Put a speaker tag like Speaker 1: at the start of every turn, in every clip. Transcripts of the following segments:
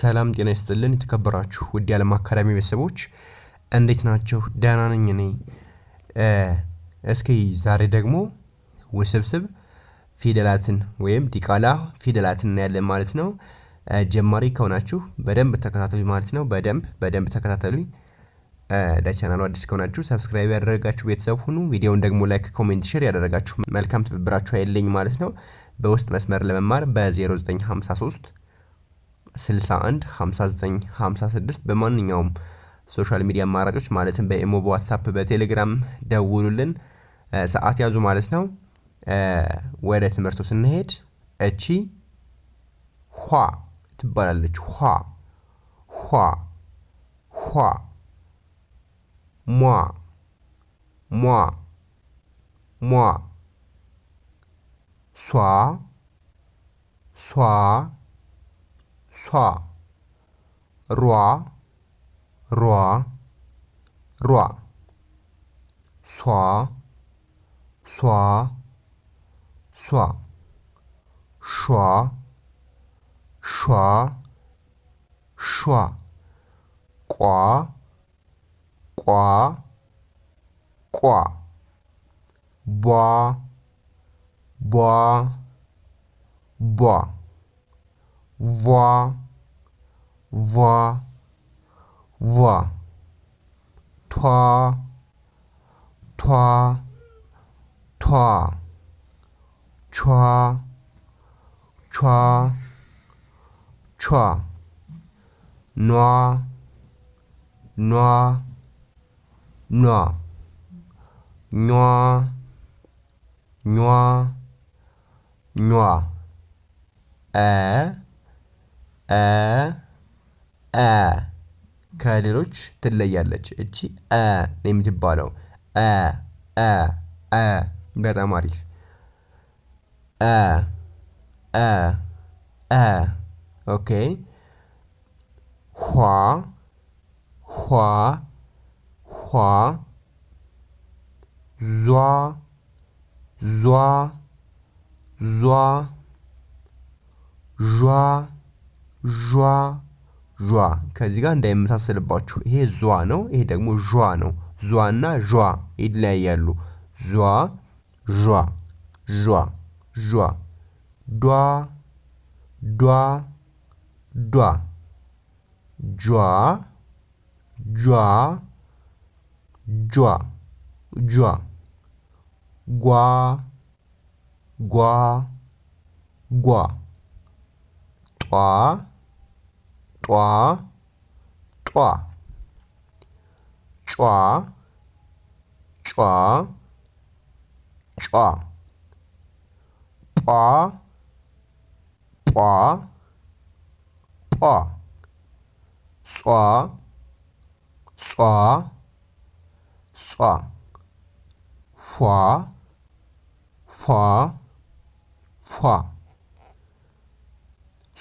Speaker 1: ሰላም ጤና ይስጥልን። የተከበራችሁ ውድ የዓለም አካዳሚ ቤተሰቦች እንዴት ናቸው? ደህና ነኝ እኔ። እስኪ ዛሬ ደግሞ ውስብስብ ፊደላትን ወይም ዲቃላ ፊደላትን እናያለን ማለት ነው። ጀማሪ ከሆናችሁ በደንብ ተከታተሉ ማለት ነው። በደንብ በደንብ ተከታተሉ። ለቻናሉ አዲስ ከሆናችሁ ሰብስክራይብ ያደረጋችሁ ቤተሰብ ሁኑ። ቪዲዮውን ደግሞ ላይክ፣ ኮሜንት፣ ሼር ያደረጋችሁ መልካም ትብብራችሁ አይለኝ ማለት ነው። በውስጥ መስመር ለመማር በ0953 61 59 56 በማንኛውም ሶሻል ሚዲያ አማራጮች ማለትም በኢሞ፣ በዋትሳፕ፣ በቴሌግራም ደውሉልን፣ ሰዓት ያዙ ማለት ነው። ወደ ትምህርቱ ስንሄድ እቺ ኋ ትባላለች። ኋ ኋ ኋ ሟ ሟ ሟ ሷ ሷ soa roa roa roa soa soa soa şua şua şua kwa kwa ba ba ba voix, voix, voix. Toi, toi, toi. Noir, noir, noir. Noir, noir, noir. አ አ ከሌሎች ትለያለች። እቺ አ ነው የምትባለው። አ አ አ በጣም አሪፍ አ አ አ ኦኬ ኋ ኋ ኋ ዟ ዟ ዟ ዟ ዣ ዣ ከዚህ ጋር እንዳይመሳሰልባችሁ። ይሄ ዟ ነው፣ ይሄ ደግሞ ዣ ነው። ዟ እና ዣ ይለያያሉ። ዟ ዣ ዣ ዣ ዷ ዷ ዷ ጇ ጇ ጇ ጇ ጓ ጓ ጓ ጧ ጧ ጧ ጯ ጯ ጯ ጳ ጳ ጳ ሷ ሷ ሷ ፏ ፏ ፏ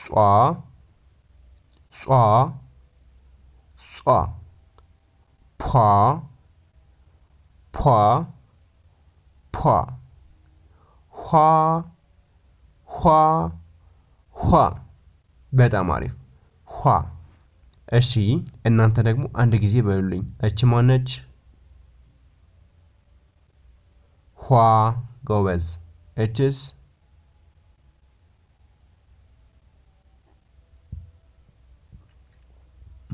Speaker 1: ሷ ጿ ጿ ፖ ፖ ፖ ኋ ኋ ኋ በጣም አሪፍ ኋ። እሺ እናንተ ደግሞ አንድ ጊዜ በሉልኝ። እች ማነች? ኋ። ጎበዝ። እችስ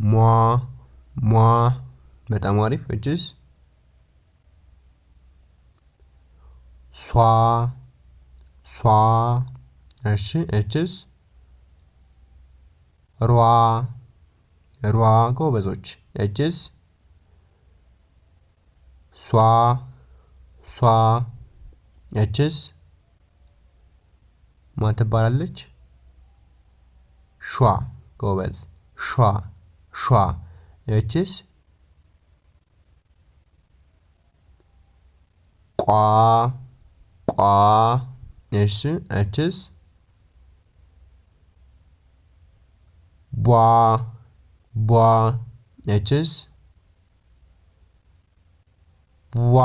Speaker 1: ሟ ሟ በጣም አሪፍ እጅስ ሷ ሷ እሺ እችስ ሯ ሯ ጎበዞች እችስ ሷ ሷ እችስ ማን ትባላለች? ሿ ጎበዝ ሿ ሿ ይቺስ ቋ ቋ እሺ እቺስ ቧ ቧ እቺስ ቫ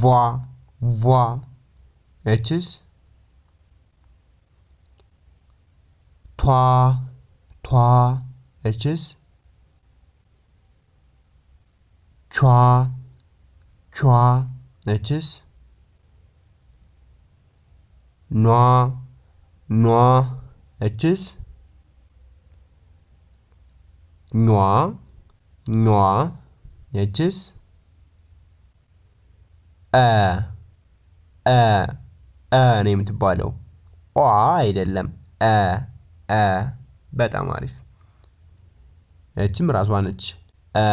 Speaker 1: ቫ ቫ እቺስ ቷ ቷ edeceğiz. Çua, çua edeceğiz. No, no edeceğiz. No, no edeceğiz. E, e, e neyim tibalo. O ailelim. E, e. በጣም አሪፍ ያችም ራሷ ነች። አ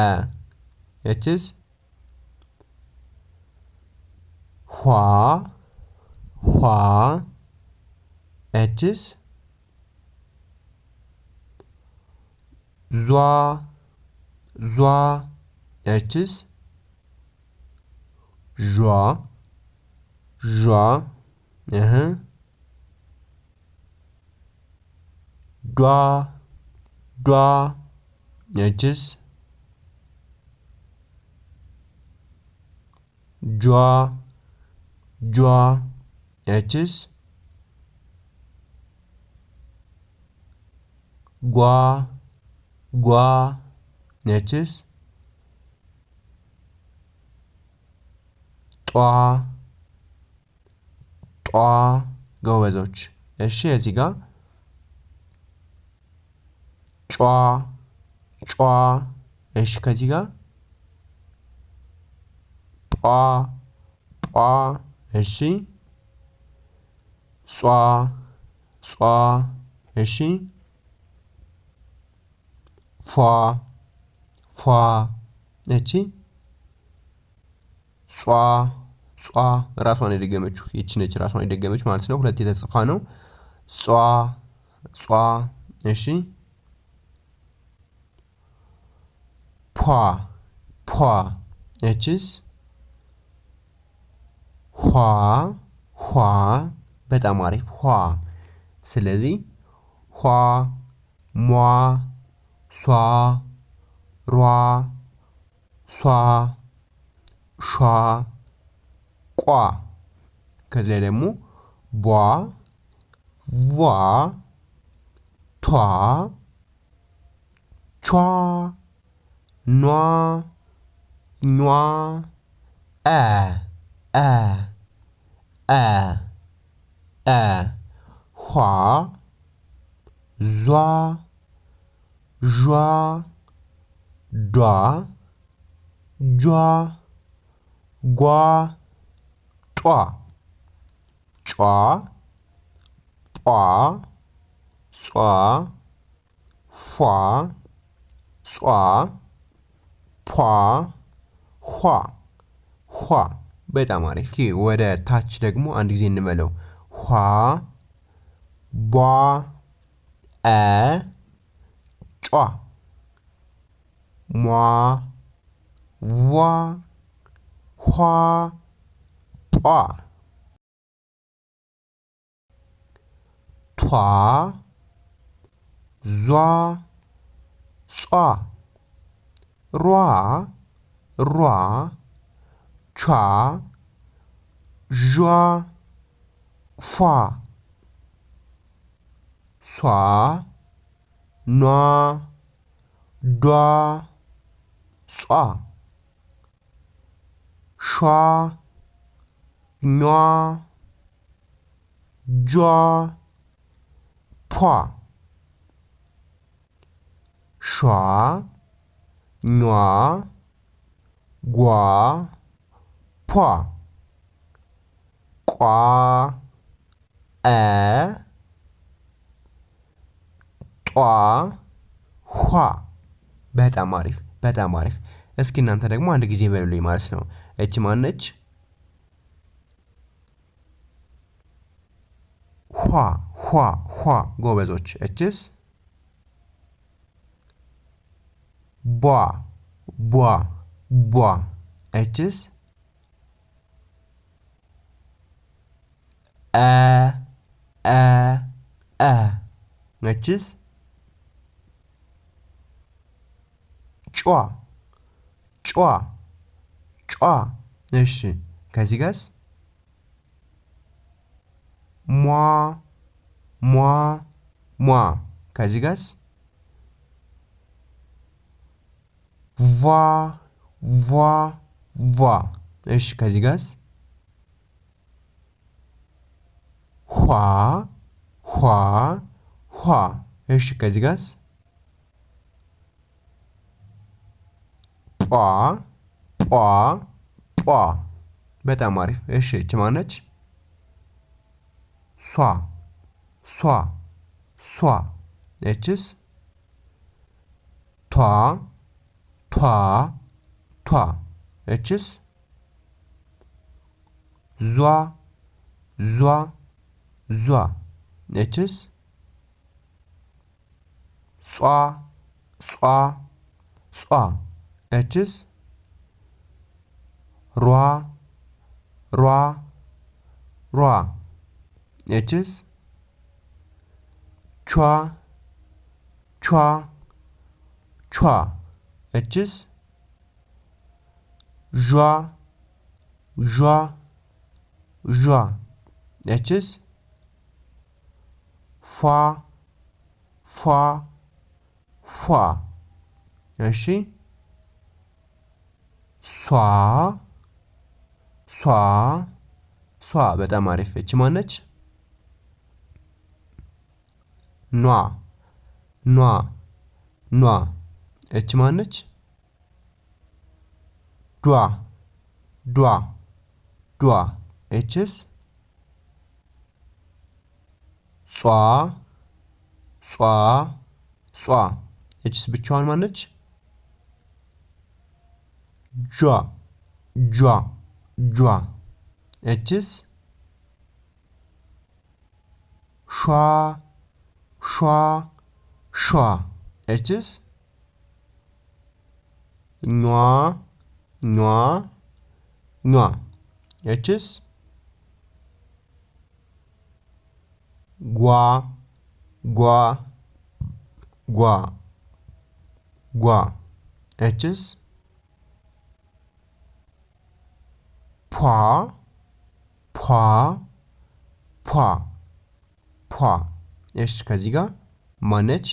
Speaker 1: አ ያችስ ኋ ኋ ያችስ ዟ ዟ ያችስ ዣ ዣ ዷ ዷ ነችስ ጇ ጇ ነችስ ጓ ጓ ነችስ ጧ ጧ ጎበዞች። እሺ እዚህ ጋር ጯ ጯ እሺ ከዚህ ጋር ጳ ጳ እሺ ጿ ጿ እሺ ፏ ፏ እቺ ጿ ጿ ራሷን የደገመችው ይቺ ነች። ራሷን የደገመች ማለት ነው። ሁለት የተጽፋ ነው። ጿ ጿ እሺ ፖ ፖ እችስ ኋ ኋ በጣም አሪፍ ኋ። ስለዚህ ኋ ሟ ሷ ሯ ሷ ሿ ቋ ከዚህ ላይ ደግሞ ቧ ቧ ቷ ቿ Noa. Noa. E. E. E. E. Hua. Zua. Jua. Dua. Jua. Gua. Tua. Chua. Pua. Sua. Fua. Sua. ፖ ኋ ኋ በጣም አሪፍ። ወደ ታች ደግሞ አንድ ጊዜ እንበለው። ኋ ቧ አ ጯ ሟ ቧ ኋ ጳ ቷ ዟ ጿ ሯ ሯ ቿ ዣ ፏ ሷ ኗ ዷ ጿ ሿ ኟ ጇ ፖ ሿ ኟ ጓ ፖ ቋ አ ጧ ኋ በጣም አሪፍ በጣም አሪፍ። እስኪ እናንተ ደግሞ አንድ ጊዜ በሉልኝ ማለት ነው። እች ማነች? ኋ ኋ ኋ። ጎበዞች እችስ boğa, boğa, boğa. Edges. E, e, e. Edges. Çua, çua, çua. እሺ ከዚህ ጋስ ሟ ሟ ሟ ከዚህ ጋስ Va va va Jeszcze kazigas. Hua, hua, hua. Jeszcze kazigas. pa pa pła. በጣም አሪፍ። እሺ እች ማነች? ሷ ሷ ሷ። እችስ ቷ twa, twa, which is zwa, zwa, zwa, which is swa, swa, swa, which is rwa, rwa, rwa, which edeceğiz. Joa, joa, joa edeceğiz. Fa, fa, fa. Yaşı. Şey. Sua, sua, sua. በጣም አሪፍ እች ማነች? ኗ ኗ ኗ እች ማነች? ዷ ዷ ዷ ኤችስ ጿ ጿ ጿ ኤችስ ብቻዋን ማነች? ጇ ጇ ጇ ኤችስ ሿ ሿ ሿ ኤችስ ኗ ኗ ኗ እችስ ጓ ጓ ጓ ጓ እችስ ፖ ፖ ፖ ፖ እሽ ከዚህ ጋር ማነች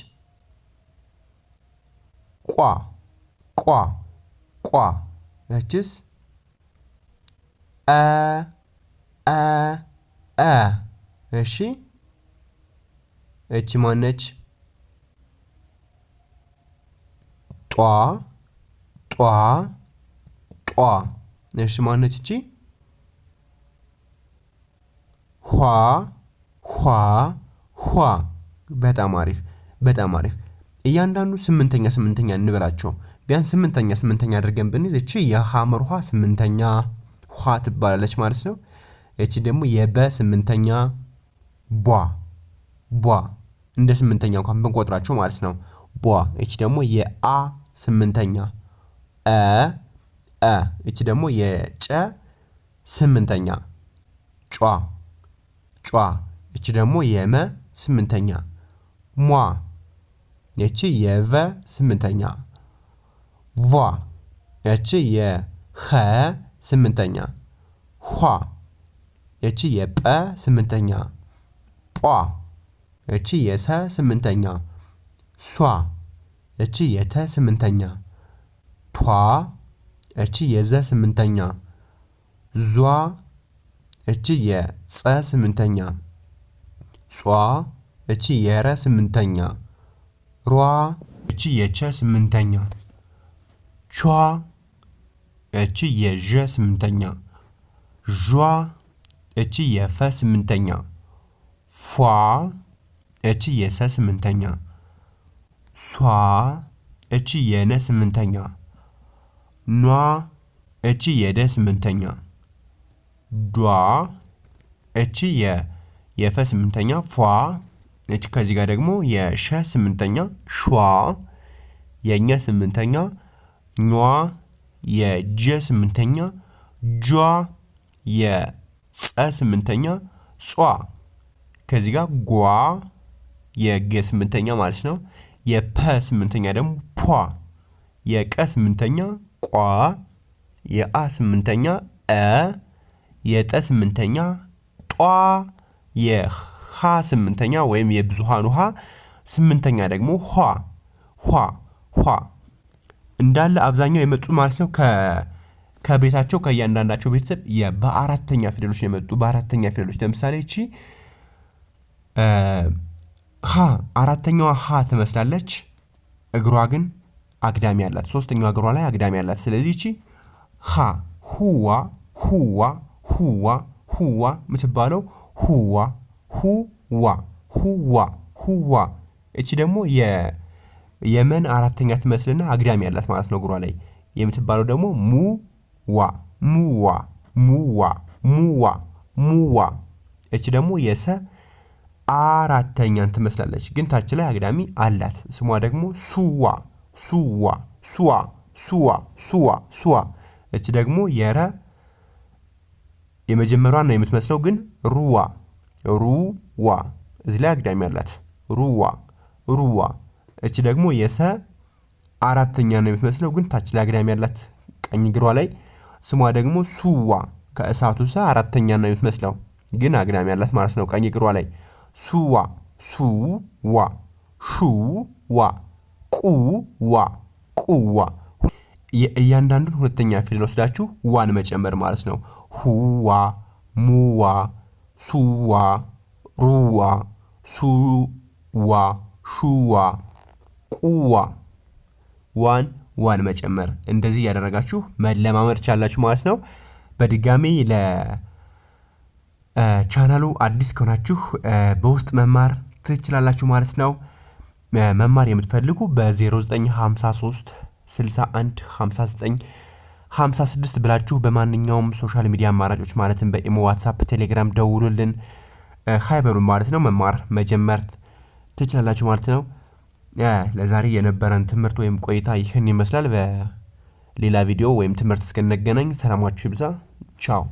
Speaker 1: ቋ ቋ ቋ ያችስ አ አ አ እሺ እቺ ማነች? ጧ ጧ ጧ እሺ ማነች እቺ? ኋ ኋ ኋ በጣም አሪፍ በጣም አሪፍ። እያንዳንዱ ስምንተኛ ስምንተኛ እንበላቸው። ቢያንስ ስምንተኛ ስምንተኛ አድርገን ብንይዝ እቺ የሐመር ውሃ ስምንተኛ ውሃ ትባላለች ማለት ነው። እቺ ደግሞ የበ ስምንተኛ ቧ ቧ እንደ ስምንተኛ እንኳን ብንቆጥራቸው ማለት ነው። ቧ እቺ ደግሞ የአ ስምንተኛ አ አ እቺ ደግሞ የጨ ስምንተኛ ጯ ጯ እቺ ደግሞ የመ ስምንተኛ ሟ እቺ የቨ ስምንተኛ ቫ ያቺ የኸ ስምንተኛ ኋ ያቺ የጰ ስምንተኛ ጳ ያቺ የሰ ስምንተኛ ሷ ያቺ የተ ስምንተኛ ቷ ያቺ የዘ ስምንተኛ ዟ ያቺ የፀ ስምንተኛ ጿ ያቺ የረ ስምንተኛ ሯ ያቺ የቸ ስምንተኛ ቿ እቺ የዠ ስምንተኛ ዧ እቺ የፈ ስምንተኛ ፏ እቺ የሰ ስምንተኛ ሷ እቺ የነ ስምንተኛ ኗ እቺ የደ ስምንተኛ ዷ እቺ የፈ ስምንተኛ ፏ እቺ ከዚህ ጋር ደግሞ የሸ ስምንተኛ ሿ የእኛ ስምንተኛ ኟ የጀ ስምንተኛ ጇ የጸ ስምንተኛ ጿ ከዚህ ጋር ጓ የገ ስምንተኛ ማለት ነው። የፐ ስምንተኛ ደግሞ ፖ የቀ ስምንተኛ ቋ የአ ስምንተኛ እ የጠ ስምንተኛ ጧ የሃ ስምንተኛ ወይም የብዙሃን ውሃ ስምንተኛ ደግሞ ኋ ኋ ኋ እንዳለ አብዛኛው የመጡ ማለት ነው ከቤታቸው ከእያንዳንዳቸው ቤተሰብ በአራተኛ ፊደሎች ነው የመጡ። በአራተኛ ፊደሎች ለምሳሌ እቺ ሀ አራተኛዋ ሀ ትመስላለች፣ እግሯ ግን አግዳሚ አላት። ሶስተኛዋ እግሯ ላይ አግዳሚ አላት። ስለዚህ እቺ ሀ ሁዋ ሁዋ ሁዋ ሁዋ የምትባለው ሁዋ ሁዋ ሁዋ ሁዋ እቺ ደግሞ የ የመን አራተኛ ትመስልና አግዳሚ ያላት ማለት ነው እግሯ ላይ የምትባለው ደግሞ ሙ ሙዋ ሙዋ ሙዋ ሙዋ። እች ደግሞ የሰ አራተኛን ትመስላለች፣ ግን ታች ላይ አግዳሚ አላት። ስሟ ደግሞ ሱዋ ሱዋ ሱዋ ሱዋ ሱዋ ሱዋ። እች ደግሞ የረ የመጀመሪያዋን ነው የምትመስለው፣ ግን ሩዋ ሩዋ። እዚህ ላይ አግዳሚ አላት። ሩዋ ሩዋ እቺ ደግሞ የሰ አራተኛ ነው የምትመስለው፣ ግን ታች ላይ አግዳሚ ያላት ቀኝ እግሯ ላይ ስሟ ደግሞ ሱዋ ከእሳቱ ሰ አራተኛ ነው የምትመስለው፣ ግን አግዳሚ ያላት ማለት ነው ቀኝ እግሯ ላይ ሱዋ ሱዋ ሹዋ ቁዋ ቁዋ የእያንዳንዱን ሁለተኛ ፊደል ወስዳችሁ ዋን መጨመር ማለት ነው። ሁዋ ሙዋ ሱዋ ሩዋ ሱዋ ሹዋ ቁዋ ዋን ዋን መጨመር እንደዚህ እያደረጋችሁ መለማመድ ቻላችሁ ማለት ነው። በድጋሚ ለቻናሉ አዲስ ከሆናችሁ በውስጥ መማር ትችላላችሁ ማለት ነው። መማር የምትፈልጉ በ0953 61 59 56 ብላችሁ በማንኛውም ሶሻል ሚዲያ አማራጮች ማለትም በኢሞ፣ ዋትሳፕ፣ ቴሌግራም ደውሉልን ሀይበሉን ማለት ነው። መማር መጀመር ትችላላችሁ ማለት ነው። ለዛሬ የነበረን ትምህርት ወይም ቆይታ ይህን ይመስላል። በሌላ ቪዲዮ ወይም ትምህርት እስክንገናኝ ሰላማችሁ ይብዛ። ቻው